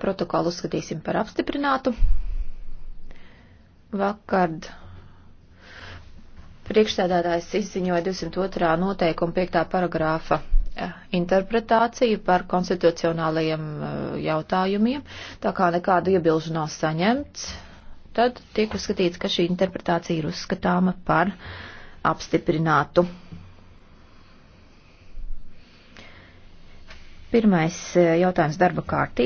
protokolu uzskatīsim par apstiprinātu. Vakard priekšsēdētājs izziņoja 202. noteikuma 5. paragrāfa eh, interpretāciju par konstitucionālajiem eh, jautājumiem, tā kā nekādu iebilžu nav saņemts, tad tiek uzskatīts, ka šī interpretācija ir uzskatāma par apstiprinātu. Pirmais eh, jautājums darba kārtī.